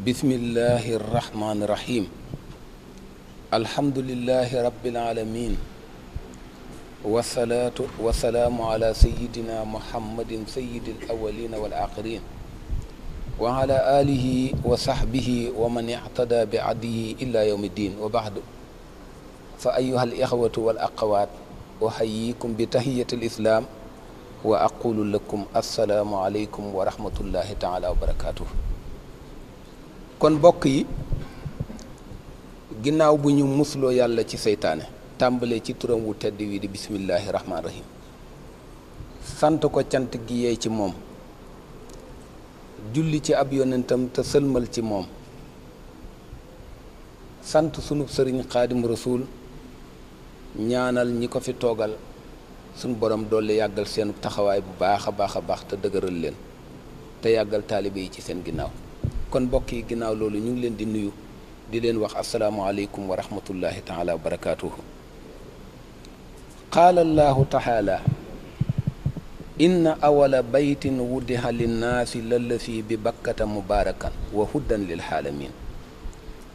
bismillahi irrahmani irrahim alhamdulilahi rabilalamin wasalaatu wasalaamu ala sayidina muhammadin sayidi al awalina wal axirin wa ala alihi wa sahbihi wa man ictada bi adiyi ila yowm ddin wa baxdu fa ayuha al ixwatu wal aqawaat uhayikum bi tahiyati al islaam wa aqulu lakum assalaamu aleykum wa rahmatullahi taala wa barakatuh kon bokk yi ginnaaw bu ñu mësuloo yàlla ci seytaane tàmbalee ci turam wu tedd wi di bismillaahi rahmaani rahim sant ko cant gi yee ci moom julli ci ab yonentam te sëlmal ci moom sant sunu sëriñ xaadim rasuul ñaanal ñi ko fi toogal sunu borom dolli yàggal seen taxawaay bu baax a baax a baax te dëgëral leen te yàggal taalibe yi ci seen ginnaaw kon mbokk yi ginnaaw loolu ñu ngi leen di nuyu di leen wax asalaamualeykum wa rahmatullahi taala wa barakaatuhu qaala allahu taala inna awala baytin wudiha linnaasi lallasi bi bakkata mubaarakan wa huddan lil xaalamin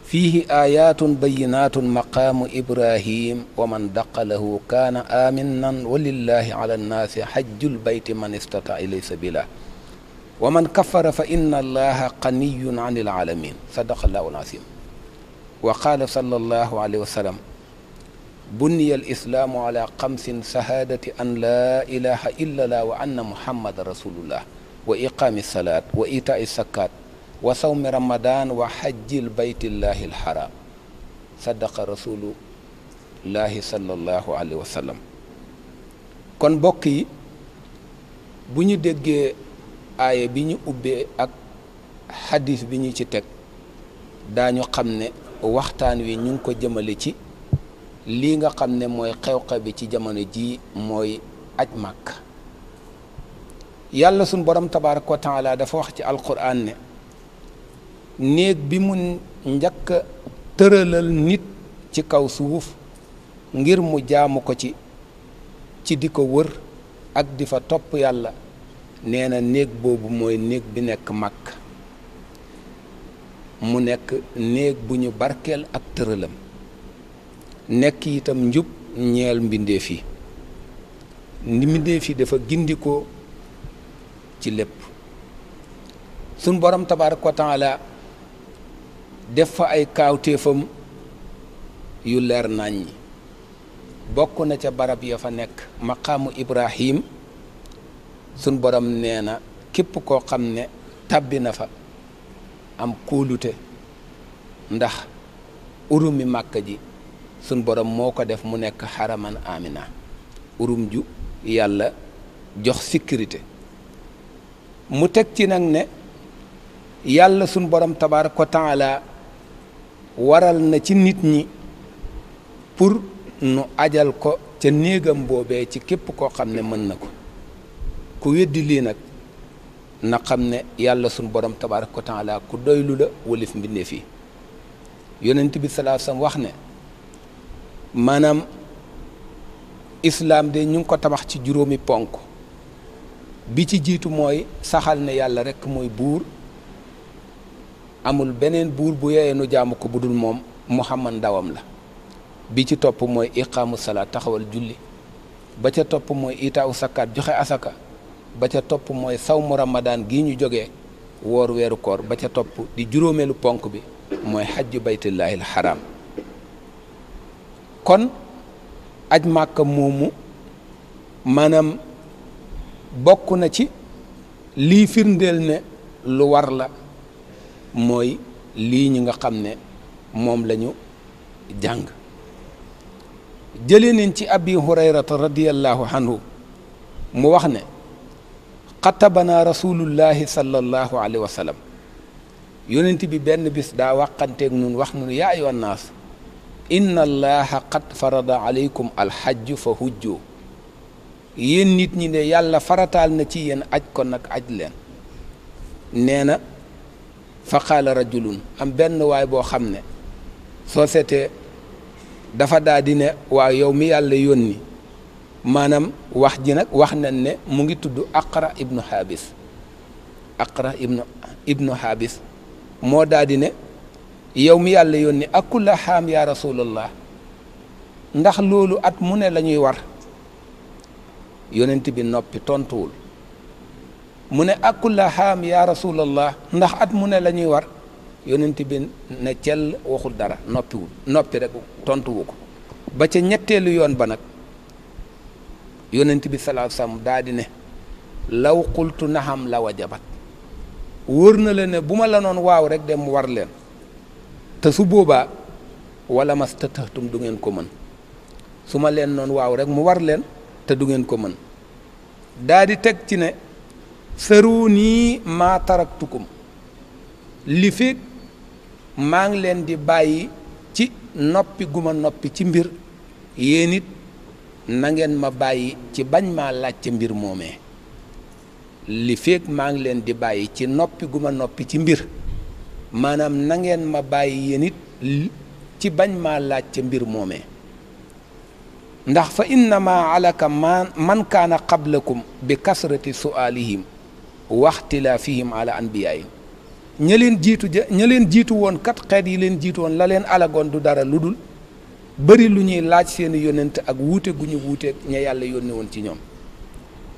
fiihi aayaatun bayyinaatun maqaamu ibrahim wa man daqalahu kaana aaminan wa lillahi ala annaasi xajjul bayti man istata ilay sabila wa man kafara fa inna allaha ganiyun an il alamin sadaqa allahu alazim wa qaala sallallahu alayhi wa sallam buniya alislaamu ala xamsin sahaadati an laa ilaha illa llah wa anna muhammadan rasulullah wa iqaami salaat wa itaai sakaat wa sawmi ramadan wa xajjil baytillahi alxaram sadaqa rasulullahi sallallahu alayhi wa sallam kon mbokk yi bu ñu déggee aaye bi ñu ubbee ak xadis bi ñu ci teg daañu xam ne waxtaan wi ñu ngi ko jëmale ci lii nga xam ne mooy xew-xew bi ci jamono jii mooy aj màkk yàlla suñ borom tabaaraka wa taala dafa wax ci alquran ne néeg bi mu njëkk tëralal nit ci kaw suuf ngir mu jaamu ko ci ci di ko wër ak di fa topp yàlla nee na néeg boobu mooy néeg bi nekk mag mu nekk néeg bu ñu barkeel ak tëralam nekk itam njub ñeel mbindeef yi ni yi dafa gindikoo ci lépp sun boroom tabaaraka wa taala def fa ay kaawteefam yu leer nañ ñi bokk na ca barab ya fa nekk maqaamu Ibrahim sun borom nee na képp koo xam ne tabbi na fa am kóolute ndax urumi màkk ji sun borom moo ko def mu nekk xaraman amina urum ju yàlla jox sécurité mu teg ci nag ne yàlla sun borom tabaaraka wa taala waral na ci nit ñi pour nu ajal ko ca néegam boobee ci képp koo xam ne mën na ko ku weddi lii nag na xam ne yàlla sunu borom tabaaraka wa taala ku doylu la walif mbindeef yi yonent bi salaa sam wax ne maanaam islaam de ñu ngi ko tabax ci juróomi ponk bi ci jiitu mooy saxal ne yàlla rekk mooy buur amul beneen buur bu yeyee nu jaamu ko bu dul moom muhammad ndawam la bi ci topp mooy iqaamu salaat taxawal julli ba ca topp mooy itaawu sakkaat joxe asaka ba ca topp mooy saw sawmu ramadaan gii ñu jógee woor weeru koor ba ca topp di juróomeelu ponk bi mooy xajju baytullaahil xaraam kon aj màkka moomu maanaam bokk na ci lii firndeel ne lu war la mooy lii ñi nga xam ne moom lañu jàng jëlee nañ ci abi hurayrata radiyallahu anhu mu wax ne xatabana rasulullahi sallallahu alayhi wa sallam yonent bi benn bis daa wàqanteeg nun wax mu yaa ayyuhan naas inna allaha qad farada aleykum alxajju fa hujjoo yéen nit ñi ne yàlla farataal na ci yéen aj ko nag aj leen nee na fa qaala rajulun am benn waay boo xam ne soo seetee dafa daa di ne waa yow mi yàlla yónni maanaam wax ji nag wax nañ ne mu ngi tudd Aqra ibnu Habis Aqra ibnu Habis moo daadi ne yow mi yàlla yoon yónni akulla xaam yaa rasulallah ndax loolu at mu ne la ñuy war yonent bi noppi tontuwul mu ne akulla xaam yaa rasulallah ndax at mu ne la ñuy war yonent bi waxul dara noppiwul noppi rek tontuwu ko ba ca ñetteelu yoon ba nag. yonent bi salaa sam daa di ne law qultu naxam la wajabat wóor na la ne bu ma la noon waaw rek dem mu war leen te su boobaa wala mas ta tëxtum du ngeen ko mën su ma leen noon waaw rek mu war leen te du ngeen ko mën daa teg ci ne sëru nii maa taraktukum li fi maa ngi leen di bàyyi ci noppi guma noppi ci mbir yéenit nangeen ma bàyyi ci bañ maa laajte mbir moomee li feeg maa ngi leen di bàyyi ci noppi gu ma noppi ci mbir maanaam nangeen ma bàyyi yéen it ci bañ maa laajte mbir moomee ndax fa innama alaka man man kaana qablakum bi kasrati su'aalihim waxtilaafihim ala anbiyaayim ña leen jiitu ja ña jiitu woon kat xeet yi leen jiitu woon la leen alagoon du dara lu dul bëri lu ñuy laaj seen yonent ak wuute gu ñu wuuteeg ña yàlla yónni woon ci ñoom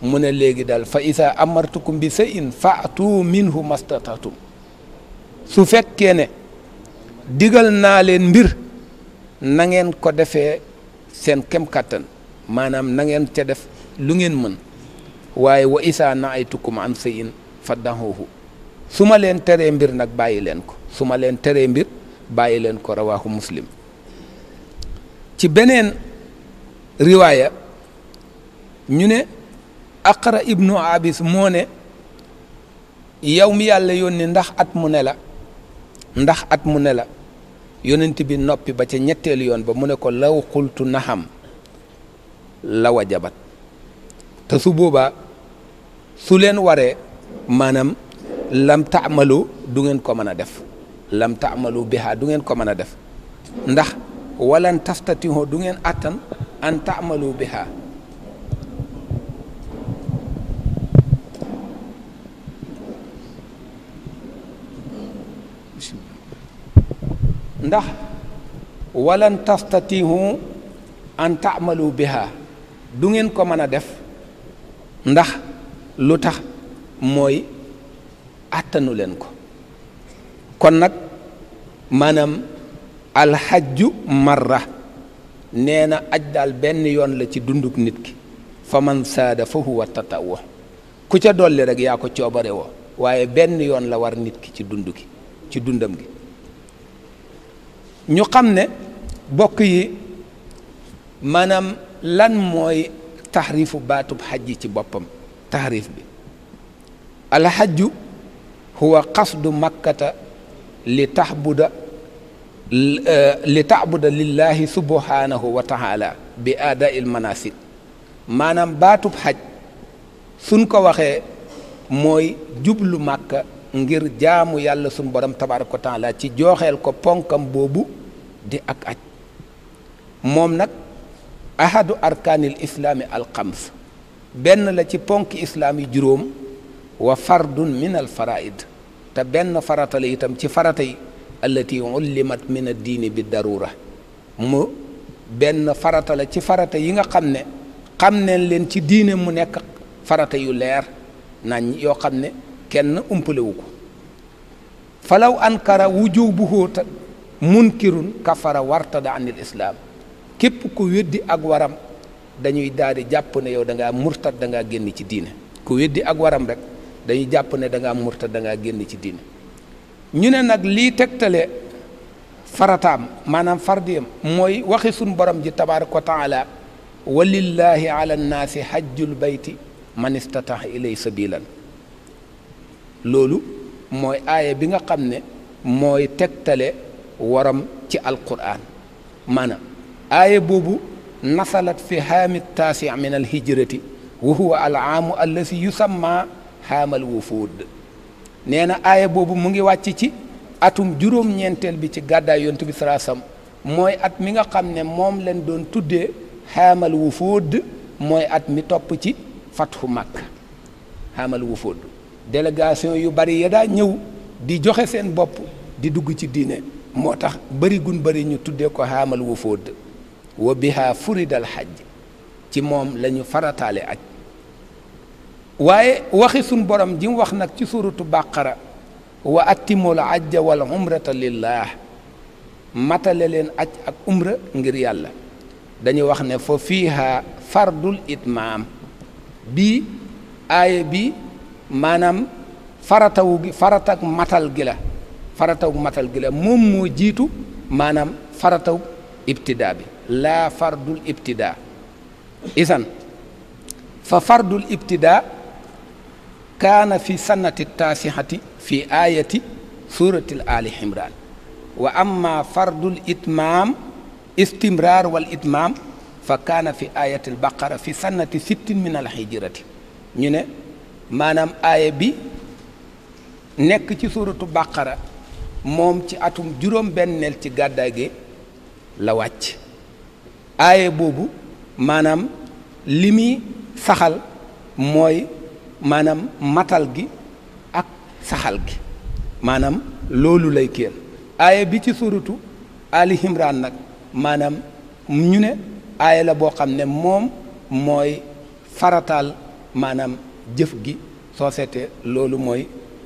mu ne léegi daal fa isa amartukum bi sayin faatu minhu mastatatum su fekkee ne digal naa leen mbir na ngeen ko defee seen kem kàttan maanaam nangeen ngeen ca def lu ngeen mën waaye wa isa na ay tukkum an sayin faddahuhu su ma leen teree mbir nag bàyyi leen ko su ma leen teree mbir bàyyi leen ko rawaahu muslim ci beneen riwaaya ñu ne aqra ibnu abis moo ne yow mi yàlla yónni ndax at mu ne la ndax at mu ne la yonent bi noppi ba ca ñetteel yoon ba mu ne ko law xultu naxam la wajabat te su boobaa su leen waree maanaam lam taamalu du ngeen ko mën a def lam taamalu biha du ngeen ko mën a def ndax walan taftatihoo du ngeen àttan an taamalu biha ndax walan tastatihu an taamalu biha du ngeen ko mën a def ndax lu tax mooy àttanu leen ko kon nag maanaam alxajju marra nee na aj daal benn yoon la ci dunduk nit ki fa man saada fa huwa tatawo ku ca dolli rek yaa ko coobare woo waaye benn yoon la war nit ki ci dund gi ci dundam gi ñu xam ne bokk yi maanaam lan mooy taxriifu baatub xajji ci boppam taxriif bi alxajju huwa qasdu makkata li taxbuda Eh, li taabuda lillahi subhanahu wa taala bi aada il manasik maanaam baatub xaj suñ ko waxee mooy jublu màkka ngir jaamu yàlla suñ borom tabaaraka wa taala ci jooxeel ko ponkam boobu di ak aj moom nag ahadu arkaanil islaami alxams benn la ci ponk islaam yi juróom wa fardun min al faraid benn farata la itam ci farata yi allati ullimat min ad-diini bi darura mu benn farata la ci farata yi nga xam ne xam neen leen ci diine mu nekk farata yu leer nañ yoo xam ne kenn umpalewu ko falaw ankara wujubuhu munkirun kafara wartada anil islaam képp ku weddi ak waram dañuy daal di jàpp ne yow da ngaa murtad da ngaa génn ci diine ku weddi ak waram rek dañuy jàpp ne da ngaa murtad da ngaa génn ci diine ñu ne nag lii tegtale farataam maanaam fardiyam mooy waxi sunu borom ji tabaaraka wa taala wa lillahi ala nnaasi hajjul bayti man istataa ilay sabilan loolu mooy aaya bi nga xam ne mooy tegtale waram ci alquran maanaam aaya boobu nasalat fi haami taasi min alhijrati wa huwa alaamu allazi yusamma haamal wufuud nee na aaya boobu mu ngi wàcc ci atum juróom-ñeenteel bi ci gàddaay yontu bi salaasam mooy at mi nga xam ne moom leen doon tuddee xaamal wu mooy at mi topp ci fatxu màkk mag wu fóod délégation yu bari ya daa ñëw di joxe seen bopp di dugg ci diine moo tax bëri gun bëri ñu tuddee ko xaamal wu fóod wa bihaa furidal xaj ci moom lañu ñu farataale aj waaye waxi sunu borom ji wax nag ci suuratu bàqara wa atimul ajja wal umrata lillah matale leen aj ak umra ngir yàlla dañuy wax ne fa fiiha fardul itmaam bii aaya bi maanaam faratawu gi farataw matal gila la farataw matal gi la moom moo jiitu maanaam farataw ibtidaa bi laa fardul ibtidaa isan fa fardul ibtidaa kaana fi sannati taasihati fi aayati suuratil aali imraan wa amma fardul itmaam istimraar wal itmaam fa kaana fi aayatil baqara fi sannati sittin min al hijrati ñu ne maanaam aaya bi nekk ci suuratu baqara moom ci atum juróom benneel ci gàddaay gi la wàcc aaya boobu maanaam li muy saxal mooy maanaam matal gi ak saxal gi maanaam loolu lay kéen aaya bi ci suratu Ali nag maanaam ñu ne aaya la boo xam ne moom mooy farataal maanaam jëf gi soo seetee loolu mooy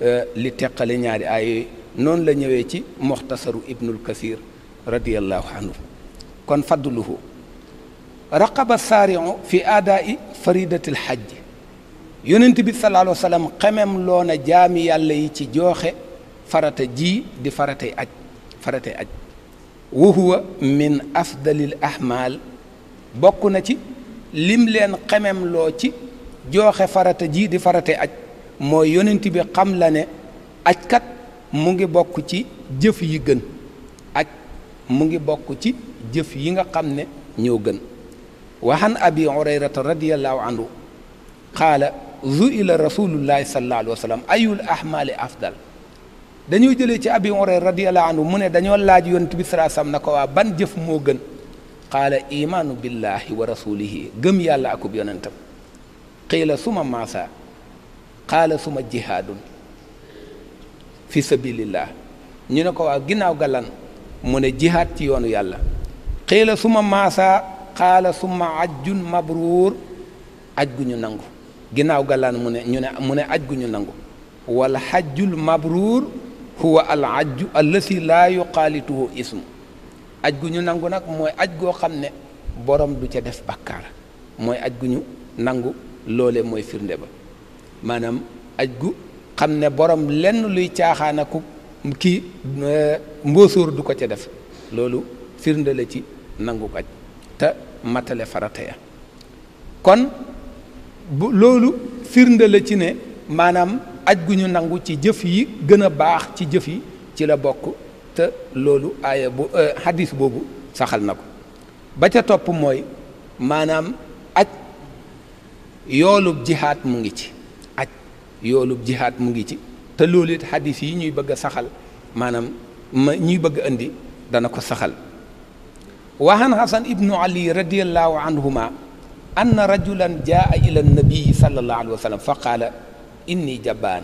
euh, li teqale ñaari aaya yooyu noonu la ñëwee ci moxtasaru ibnu kasir radiallahu anhu kon fadluhu raqaba saariu fi aadaa'i faridatil hajji yonent bi sallallahu alayhi wa sallam xemem loona jaami yàlla yi ci jooxe farata ji di faratay aj faratay aj wa huwa min afdalil ahmaal bokk na ci lim leen xemem loo ci jooxe farata jii di faratay aj mooy yonent bi xam la ne ajkat mu ngi bokk ci jëf yi gën aj mu ngi bokk ci jëf yi nga xam ne ñoo gën waxan abi hurayrata radiallahu anhu qaala zuila rasulullahi sallallahu alayhi wa sallam ayul ahmali afdal jëlee ci abi Hurayra radiyallahu anhu mu ne dañoo laaj yoon bi sallallahu alayhi na ko waa ban jëf moo gën qaala imaanu billahi wa rasulihi gëm yàlla akub yonentam qiila suma maasa qaala suma jihaadun fi sabilillah ñu ne ko waa ginnaaw ga mu ne jihaad ci yoonu yàlla qiila suma maasa qaala suma ajjun mabruur aj gu nangu ginnaaw gàllaan mu ne ñu ne mu ne aj gu ñu nangu wal xajjul mabruur huwa al ajju allasi laa yuqaalituhu ismu aj gu ñu nangu nag mooy aj goo xam ne borom du ca def bàkkaar mooy aj gu ñu nangu loole mooy firnde ba maanaam aj gu xam ne borom lenn luy caaxaana ku kii eh, mbóosóor du ko ca def loolu firnde la ci nangu aj te matale farata ya kon bu loolu firnde la ci ne maanaam aj gu ñu nangu ci jëf yi gën a baax ci jëf yi ci la bokk te loolu aaya bu hadis euh, boobu saxal na ko ba ca topp mooy maanaam aj yoolub jihaat mu ngi ci aj yoolub jihaat mu ngi ci te loolu it yi ñuy bëgg a saxal maanaam ma ñuy bëgg indi dana ko saxal waxan xasan ibnu ali radiallahu anhuma anna rajulan jaa ila nabii sallallahu alayhi wa sallam fa qaala inni jabbaan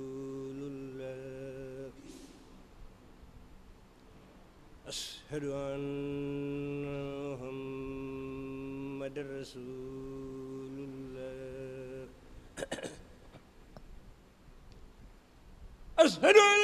واشهد ان محمدا رسول الله اشهد أن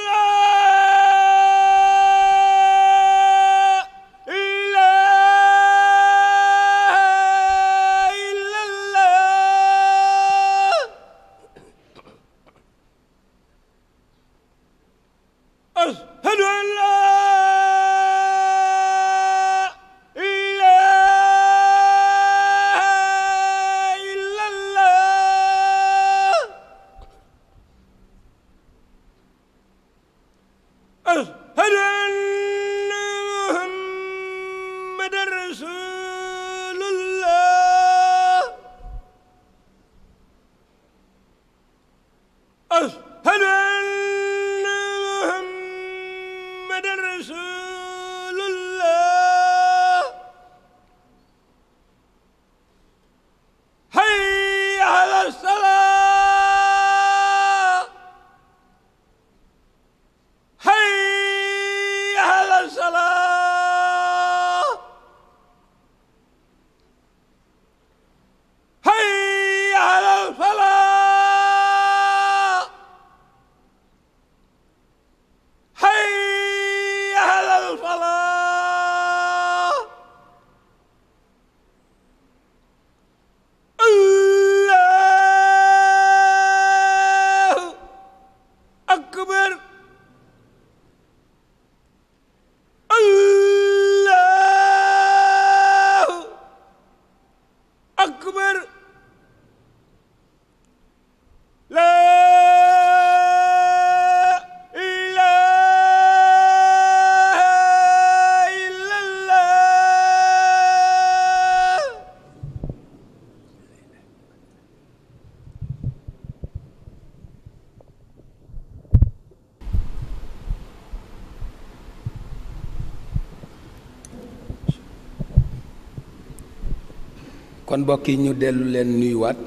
kon mbokk yi ñu dellu leen nuyuwaat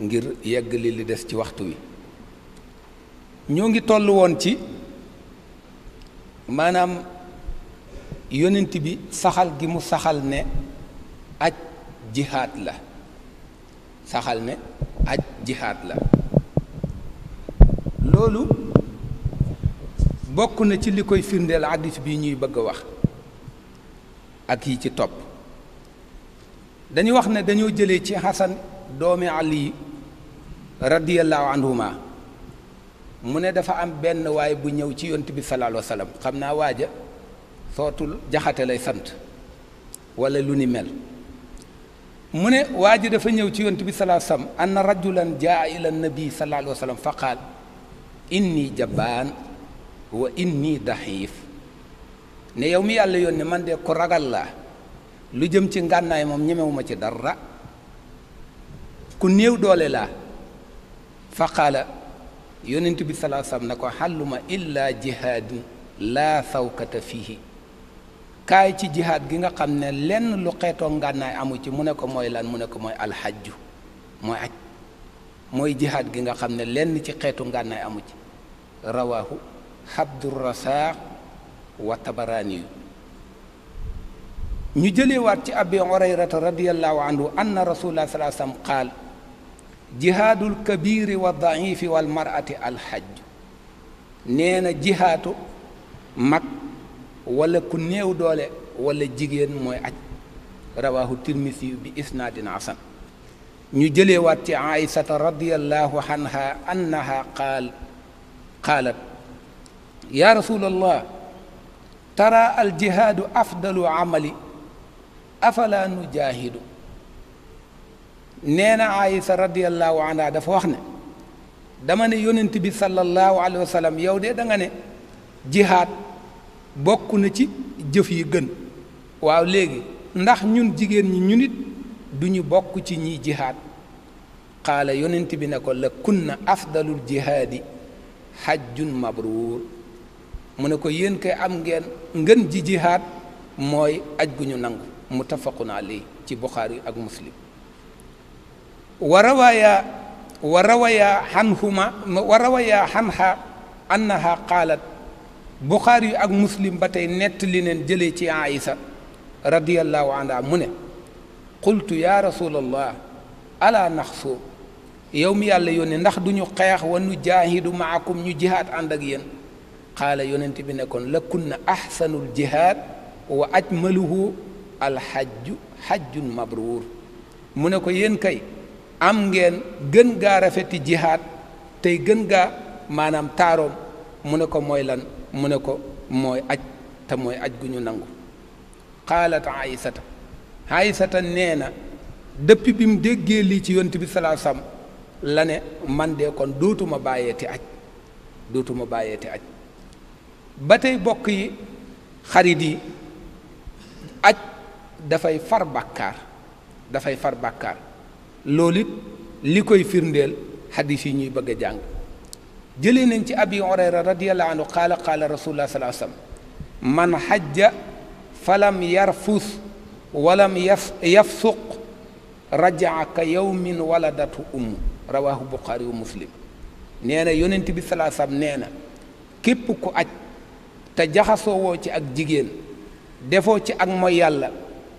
ngir yegg li li des ci waxtu wi ñoo ngi tollu woon ci maanaam yonent bi saxal gi mu saxal ne aj jihaad la saxal ne aj jihaad la loolu bokk na ci li koy firndeel hadis bi ñuy bëgg a wax ak yi ci topp dañu wax ne dañoo jëlee ci xasan doomi ali radiyallahu anhuma mu ne dafa am benn waay bu ñëw ci yont bi sallallahu alayhi xam naa waaja sootul jaxate lay sant wala lu ni mel mu ne waa dafa ñëw ci yont bi sallallahu sam wa sallam anna rajulan jaa ila nabi sallallahu alayhi wa sallam fa inni jabbaan wa inni daxiif ne yow mi yàlla yoon ne man de ko ragal laa lu jëm ci ngànnaay moom ñemewuma ci dara ku néew doole laa fa qaala yonent bi salaa salaam na ko xàlluma illaa jihaadu laa sawkata fiihi kaay ci jihaad gi nga xam ne lenn lu xeetoo ngànnaay amu ci mu ne ko mooy lan mu ne ko mooy alxajju mooy aj mooy jihaad gi nga xam ne lenn ci xeetu ngànnaay amu ci rawaahu abdurasaq wa tabaraani yu ñu jëlewaat ci abi hurayrata radiallahu anhu anna rasulullah salaa sallam qaal jihaadul kabiri wa daifi wal marati jihaatu mag wala ku néew doole wala jigéen mooy aj rawaahu tirmisi bi isnaadin hasan ñu jëlewaat ci aïsata radiallahu anha annaha qaal qaalat yaa rasulallah tara aljihaadu afdalu amali afala nu nee na Aïsa radiyallahu anha dafa wax ne dama ne yonent bi sallallahu alayhi wa yow de danga ne jihaad bokk na ci jëf yi gën waaw léegi ndax ñun jigéen ñi ñun it du ñu bokk ci ñiy jihaad qaala yonent bi ne ko la kunna afdalul jihaadi xajjun mabruur mu ne ko yéen kay am ngeen ngën ji jihaad mooy aj gu ñu nangu muttafaqun alayhi ci buxaari ak muslim wa rawaya wa rawaya anhuma wa rawaya anha annaha qaalat buxaari ak muslim ba tey nettali neen jëlee ci aïsa radiyallahu anha mu ne qultu ya rasulallah ala naxsu yow mi yàlla yónne ndax du ñu xeex wa nu jaahidu maakum ñu jihaad ànd ak yéen xaala yonent bi nekkoon la kunna ahsanul jihaad wa ajmaluhu alxajju xajjun mabruur mu ne ko yéen kay am ngeen gën gaa rafeti jihaad tey gën gaa maanaam taaroom mu ne ko mooy lan mu ne ko mooy aj te mooy aj gu ñu nangu qaalat aysata aysata nee na depuis bi mu déggee lii ci yont bi salaa sam la ne man de kon dootuma bàyyeeti aj dootuma bàyyeeti aj ba tey bokk yi xarit yi aj dafay far bàkkaar dafay far bàkkaar li koy firndeel xadis yi ñuy bëgg a jàng jëlee nañ ci abi hurayra radiallahu anhu qaala qaala rasulullah sallallahu alayhi wasallam man xajja falam yarfus walam yaf yafsuq rajaa ka yawmin waladatu umm rawahu buxaari wa muslim nee na yonent bi sallallahu alayhi nee na képp ku aj te jaxasoo woo ci ak jigéen defoo ci ak mooy yàlla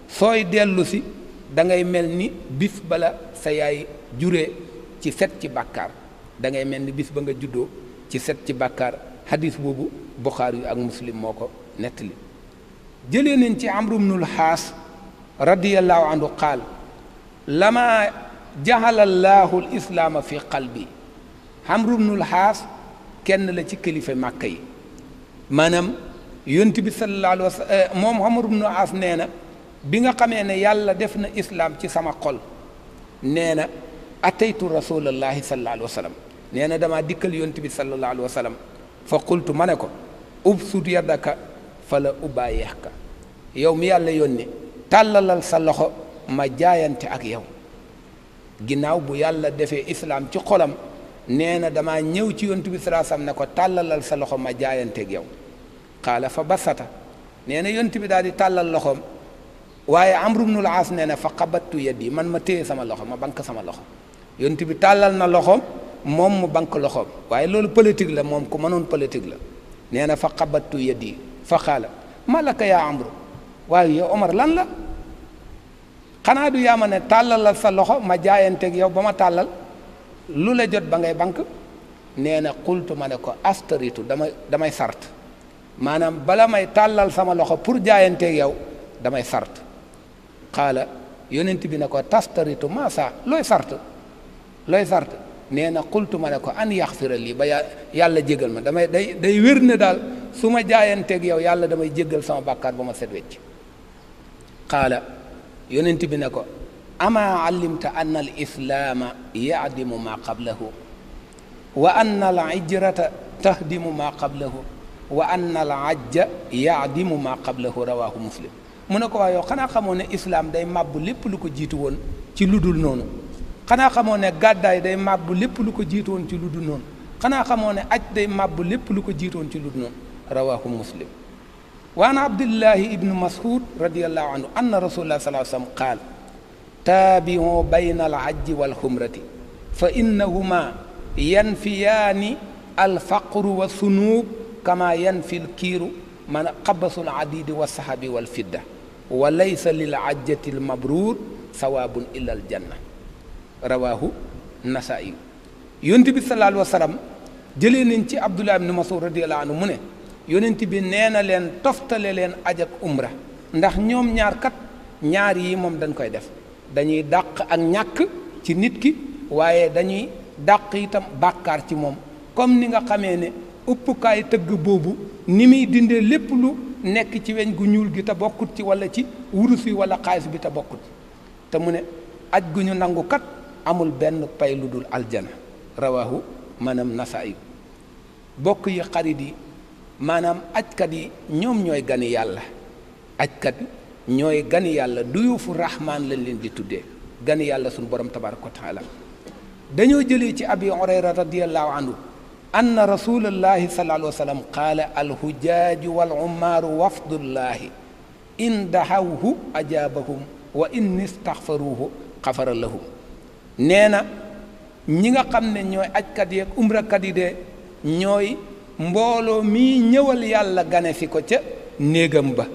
sooy dellusi dangay mel ni bis bala sa yaay jure ci set ci bàkkaar dangay mel ni bis ba nga juddoo ci set ci bàkkaar hadis boobu buxaar yu ak muslim moo ko nettali jëlee nañ ci amru bnul xaas radiyallahu anhu qaal lama jaxala llaahu lislaama fi qalbi amru bnul xaas kenn la ci kilifa màkka yi maanaam yonent bi sallallahu alayhi eh, moom amru bnul xaas nee na bi nga xamee ne yàlla def na islaam ci sama xol nee na ataytu rasulallahi sallallahu alayhi wa sallam nee na damaa dikkal yonent bi sallallahu alayhi wa sallam fa qultu ma ne ko ubsut yadaka fa la ubbaayeexka mi yàlla yónni tàllalal sa loxo ma jaayante ak yow ginnaaw bu yàlla defee islam ci xolam nee na damaa ñëw ci yonent bi sallallahu alayhi ne ko tàllalal sa loxo ma jaayante ak yow qaala fa basata nee na yonent bi daal di tàllal loxoom waaye amru la aas nee na fa xabattu yeddi man ma téye sama loxo ma bank sama loxo yonent bi tàllal na loxo moom mu bank loxoom waaye loolu politique la moom ku mënoon politique la nee na fa xabattu yeddi fa xaala malaka yaa amru waaye yow Omar lan la xanaa du yaa ma ne tàllalal sa loxo ma jaayanteeg yow ba ma tàllal lu la jot ba ngay bank nee na xultu ma ne ko astaritu damay damay sart maanaam bala may tàllal sama loxo pour jaayanteeg yow damay sart xaala yonent bi ne ko tastaritu masa looy sart looy sart nee na xultu ma ne ko an yaxfira lii ba yàlla jégal ma damay day day wér ne daal su ma jaayanteeg yow yàlla damay jéggal sama bàkkaar ba ma set wecc xaala yonent bi ne ko ama allimta an al islaama yaadimu maa qablahu wa anna al hijrata tahdimu maa qablahu wa anna al hajja yaadimu maa qablahu rawahu muslim mu ne ko waa xanaa xamoo ne islaam day màbbu lépp lu ko jiitu woon ci lu dul noonu xanaa xamoo ne gàddaay day màbbu lépp lu ko jiitu woon ci lu dul noonu xanaa xamoo ne aj day màbbu lépp lu ko jiitu woon ci lu dul noonu rawaahu muslim waan abdullahi ibnu mas'ud radiallahu anhu anna rasulullah sallallahu alayhi wasallam qaal taabi'u bayna al ajji wal xumrati fa innahuma yanfiyaani al faqru wa sunuub kama yanfi al man qabasul adidi wa sahabi wal fidda wa laysa lil ajjati l mabruur sawaabun illa al janna rawaahu nasaa'i yonent bi sallallahu alayhi wa sallam jëlee nañ ci nu ibn mas'ud radiyallahu anhu mu ne yonent bi nee na leen toftale leen aj ak ndax ñoom ñaar kat ñaar yi moom dañ koy def dañuy dàq ak ñàkk ci nit ki waaye dañuy dàq itam bàkkaar ci moom comme ni xamee ne uppukaay tëgg boobu ni muy dindee lépp lu nekk ci weñ gu ñuul gi te bokkut ci wala ci wurus wi wala xaalis bi te bokkut te mu ne aj gu ñu nangu kat amul benn pay lu dul aljana rawahu maanaam nasaib bokk yi xarit yi maanaam ajkat yi ñoom ñooy gani yàlla ajkat ñooy gani yàlla duyuufu rahmaan lañ leen di tuddee gani yàlla suñu borom tabaraka wa taala dañoo jëlee ci abi hurayra radiallahu anna rasulallahi sallallahu alayhi wa sallam qaala alhujaaju wal ummaaru wafdullahi in dahawhu ajaabahum wa in istaxfaruhu xafara lahum nee na ñi nga xam ne ñooy ajkat yi ak yi de ñooy mbooloo mii ñëwal yàlla gane si ko ca néegam ba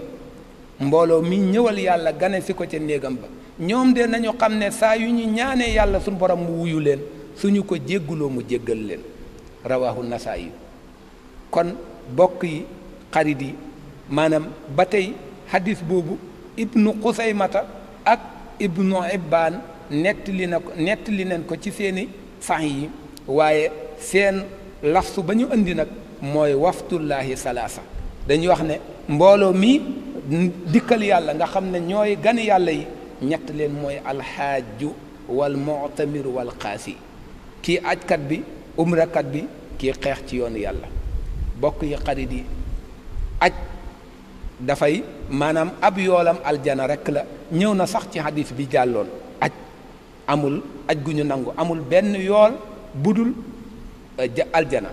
mbooloo mii ñëwal yàlla gane si ko ca néegam ba ñoom de nañu xam ne saa yu ñu ñaanee yàlla suñu borom mu wuyu leen suñu ko jégguloo mu jéggal leen rawahu nasaayu kon bokk yi xarit yi maanaam ba tey xadis boobu ibnu mata ak ibnu ibbaan li na ko nettali nañ ko ci seeni sax yi waaye seen lafsu ba ñu indi nag mooy waftullaahi salaasa dañuy wax ne mbooloo mi dikkal yàlla nga xam ne ñooy gani yàlla yi ñett leen mooy alxaaju wal mu'tamiru wal qaasi kii ajkat bi umrakat bi ki xeex ci yoonu yàlla bokk yi xarit yi aj dafay maanaam ab yoolam aljana rekk la ñëw na sax ci hadis bi jàlloon aj amul aj gu ñu nangu amul benn yool budul eh, aljana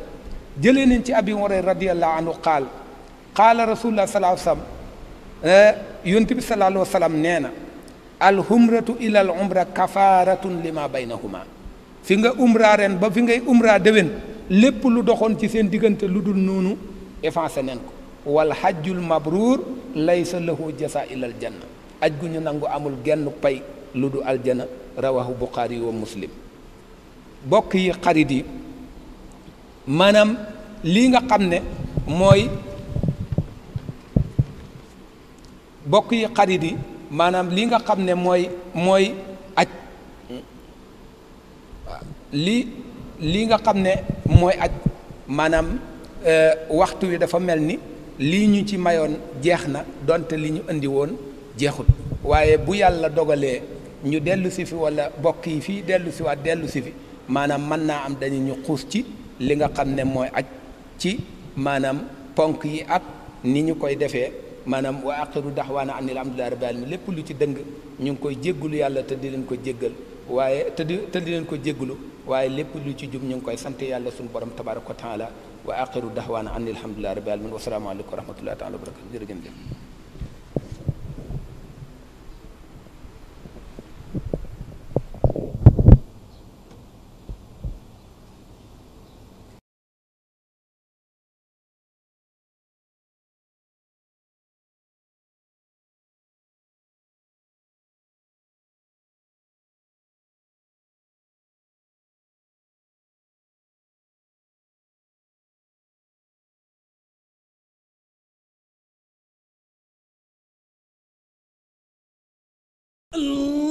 jëlee nañ ci abi Hurayra radiallahu anhu qaal qaala rasulullah sallallahu alayhi wasallam eh, nee na alhumratu ila al umra kafaratun lima baynahuma fi nga umra ren ba fi ngay umra déwén lépp lu doxoon ci seen diggante lu dul noonu effacé neen ko wal hajjul mabruur laysa lahu jasa ilal janna aj gu ñu nangu amul genn pay lu du aljana rawahu buxaari wa muslim bokk yi xarit yi maanaam lii nga xam ne mooy bokk yi xarit yi maanaam lii nga xam ne mooy mooy aj lii lii nga xam ne mooy aj maanaam euh, waxtu wi dafa mel ni lii ñu ci mayoon jeex na donte li ñu indi woon jeexut waaye bu yàlla dogalee ñu dellu si fi wala bokk yi fii dellu si dellusi dellu fi maanaam mën naa am dañu ñu xuus ci li nga xam ne mooy aj ci maanaam ponk yi ak ni ñu koy defee maanaam wa aqiru daxwaana an alhamdulilah rabbil alamin lépp lu ci dëng ñu ngi koy jéggulu yàlla te di leen ko jéggal waaye te di leen ko jéggulu waaye lépp lu ci jub ñu ngi koy sant yàlla suñu borom tabaraka wa taala wa aqiru dahwaana an alhamdulillahi rabbil alamin wa salaamu aleykum wa rahmatullahi taala wa barakatu jërëjëf Allah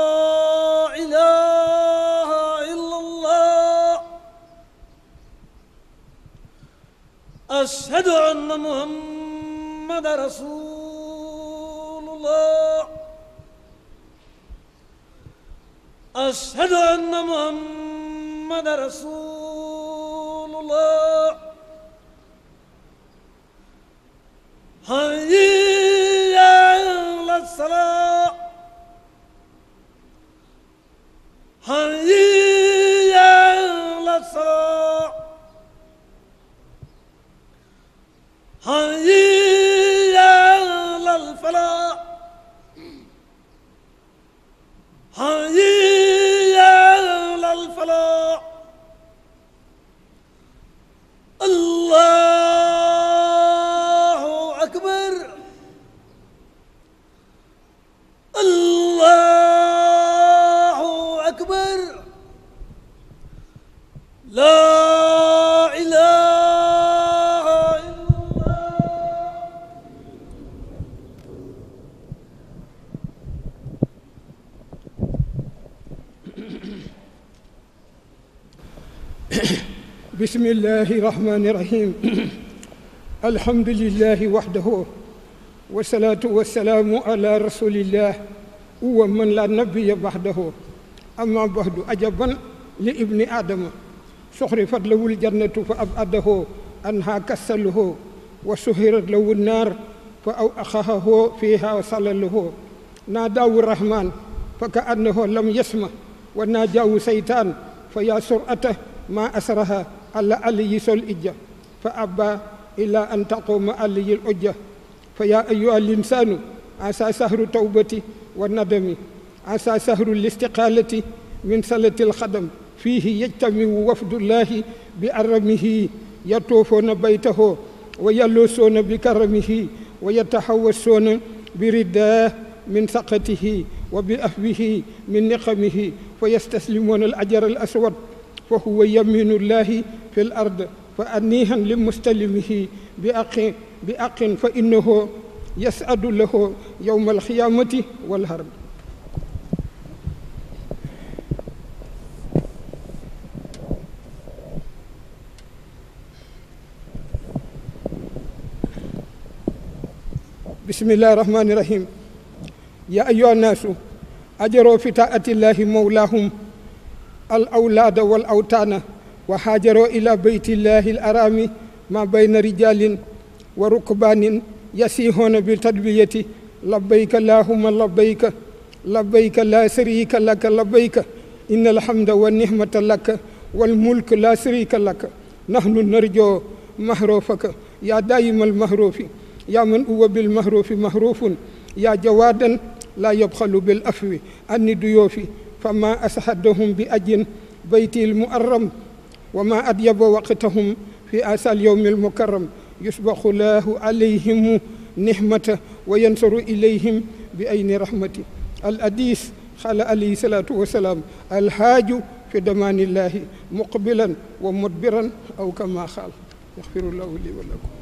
واشهد ان محمد رسول الله اشهد ان محمد رسول الله حي على الصلاه حي maa بسم الله الرحمن الرحيم الحمد لله وحده والصلاة والسلام على رسول الله ومن لا نبي بعده أما بعد أجبا لابن آدم سخرفت له الجنة فأبعده أنها كسله وسهرت له النار فأو أخاه فيها وسلله ناداه الرحمن فكأنه لم يسمع وناجاه سيطان فيا سرأته ما أسرها على علي الإجة فأبى إلا أن تقوم علي الحجة فيا أيها الإنسان عسى سهر توبتي والندم عسى سهر الاستقالة من سلة الخدم فيه يجتمع وفد الله بأرمه يطوفون بيته ويلوسون بكرمه ويتحوسون برداه من سقته وبأهبه من نقمه فيستسلمون الأجر الأسود فهو يمين الله fi l ard fa aniihan li mustalimihi bi aqin bi aqin fa innahu yasadu lahu yowma alxiyaamati walharb bismillahi rahmaani rahim yaa ayyuha naasu ajaroo fi taa'ati llahi mawlaahum al awlaada wal awtaana wa haajaroo ila beytillahi l arami ma bayna rijalin wa rukbanin yasihoona bi tadbiyati labbayka lahumma labbayka labbayka la sharika laka labbayka inna alhamda wa nihmata laka walmulk la sharika laka nahnu narjoo mahrofaka yaa daayima almahrofi yaa man uwa bilmahrofi mahrofun yaa jawaadan laa yabxalu bil afwi anni duyoofi fa ma ashadahum bi ajin baytil muarram wa ma adyaba waqtahum fi asal yowmi almukarram yusbaxu laahu alayhimu nihmata wa yansaru ilayhim bi ayni rahmati al adis xaala alayhi salaatu wasalaam alhaaju fi damaanillahi muqbilan wa mudbiran aw kama xaal yaxfirullahu li wa lakum